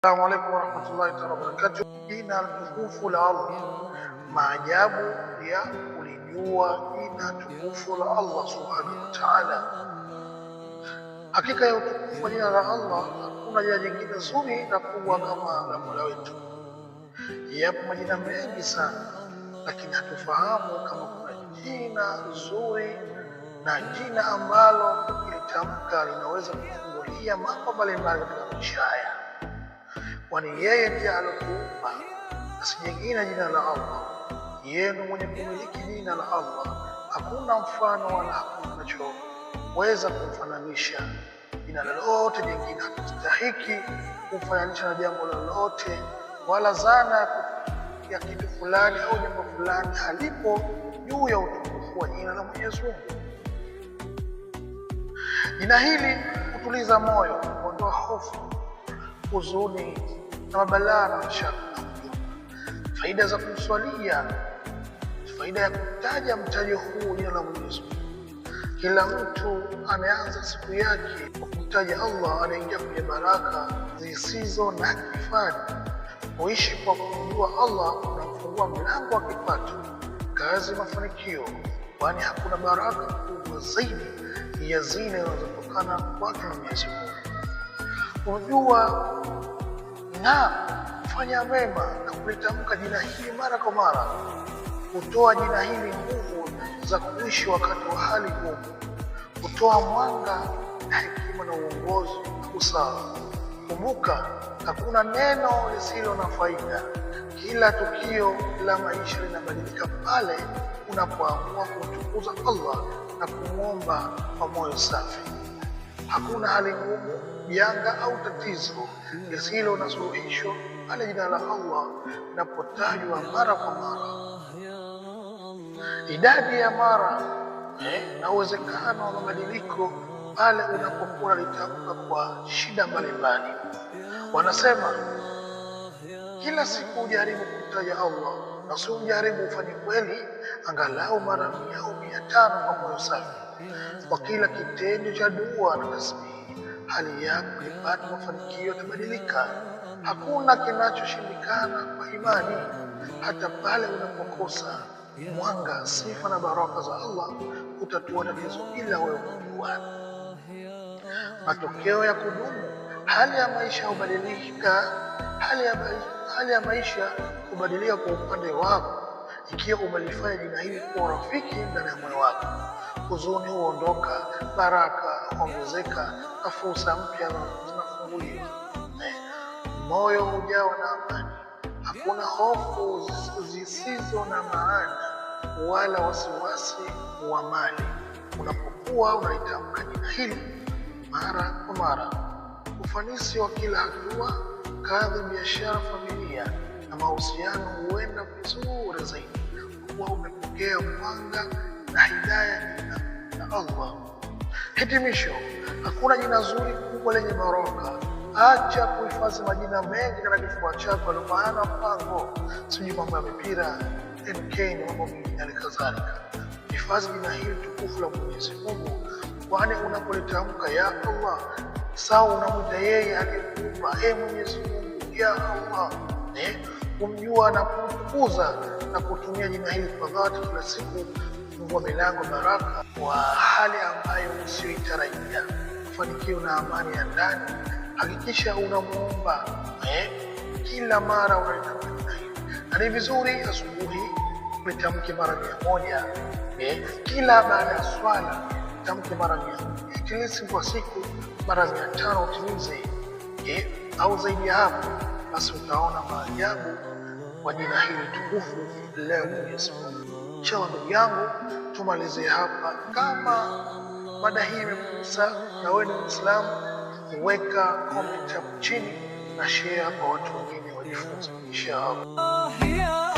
Assalamu alaykum warahmatullahi wabarakatuh. Jina tukufu la Allah, maajabu ya kulijua jina tukufu la Allah subhanahu wa ta'ala. Hakika ya utukufu wa jina la Allah, hakuna jina jingine zuri na kubwa kama la Mola wetu. Yapo majina mengi sana, lakini hatufahamu kama kuna jina zuri na jina ambalo litamka linaweza kufungulia mambo mbalimbali katika maisha haya kwani yeye ndiye alokuumba asijengina jina la Allah. Yeye ndiye mwenye kumiliki jina la Allah, hakuna mfano wala hakuna kinachoweza kumfananisha. Jina lolote jingine hakustahiki kumfananisha na jambo lolote, wala zana ya kitu fulani au jambo fulani halipo juu ya utukufu wa jina la Mwenyezi Mungu. Jina hili kutuliza moyo, kuondoa hofu, huzuni na mabalaa na mashaka Faida za kumswalia, faida ya kutaja mtajo huu, jina la Mwenyezi Mungu. Kila mtu ameanza siku yake kwa kumtaja Allah, anaingia kwenye baraka zisizo na kifani. Kuishi kwa kumjua Allah unamfungua mlango wa kipato, kazi, mafanikio, kwani hakuna baraka kubwa zaidi ya zile zinazotokana kwake Mwenyezi Mungu. Kujua na kufanya mema na kulitamka jina hili mara kwa mara, kutoa jina hili nguvu za kuishi wakati wa hali ngumu, kutoa mwanga na hekima na uongozi na usawa. Kumbuka, hakuna neno lisilo na faida. Kila tukio la maisha linabadilika pale unapoamua kumtukuza Allah na kumwomba kwa moyo safi. Hakuna hali ngumu, janga au tatizo lisilo na suluhisho ala jina la Allah linapotajwa mara kwa mara. Idadi ya mara eh, na uwezekano wa mabadiliko pale unapokuwa litamka kwa shida mbalimbali. Wanasema kila siku ujaribu kumtaja Allah basi umjaribu ufanye kweli angalau mara mia au mia tano kwa moyo safi, kwa kila kitendo cha dua na tasbihi, hali yako ukipata mafanikio yatabadilika. Hakuna kinachoshindikana kwa imani, hata pale unapokosa mwanga, sifa na baraka za Allah utatua tatizo bila wewe kujua. Matokeo ya kudumu, hali ya maisha hubadilika, hali ya maisha hali ya maisha kubadilika kwa upande wako ikiwa umelifanya jina hili kuwa rafiki ndani ya moyo wako. Huzuni huondoka, baraka huongezeka na fursa mpya zinafunguliwa. Moyo hujawa na amani, hakuna hofu zisizo na maana wala wasiwasi wa mali. Unapokuwa unaitamka jina hili mara kwa mara, ufanisi wa kila hatua, kazi, biashara, familia familia na mahusiano huenda vizuri zaidi. kuwa umepokea mwanga na hidaya na Allah. Hitimisho, hakuna jina zuri kubwa lenye baraka. Acha kuhifadhi majina mengi katika kifua chako, maana mpango sijui mambo ya mipira MK na mambo mengine alikadhalika. Hifadhi jina hili tukufu la Mwenyezi Mungu, kwani unapolitamka ya Allah sawa unamwita yeye aliyekupa. E Mwenyezi Mungu, ya Allah wake, kumjua na kumtukuza na kutumia jina hili kwa dhati kila siku, kufungua milango baraka kwa hali ambayo usiyoitarajia, mafanikio na amani ya ndani. Hakikisha unamuomba eh, kila mara unaitamka jina hili, na ni vizuri asubuhi ulitamke mara mia moja eh, kila baada ya swala tamke mara mia moja kwa siku mara mia tano utimize eh, au zaidi ya hapo basi utaona maajabu kwa jina hili tukufu leo Mwenyezi Mungu. Inshallah ndugu yangu, tumalizie hapa. Kama mada hii imekugusa na wewe ni Muislamu, weka comment hapo chini na share kwa watu wengine wajifunze, inshallah.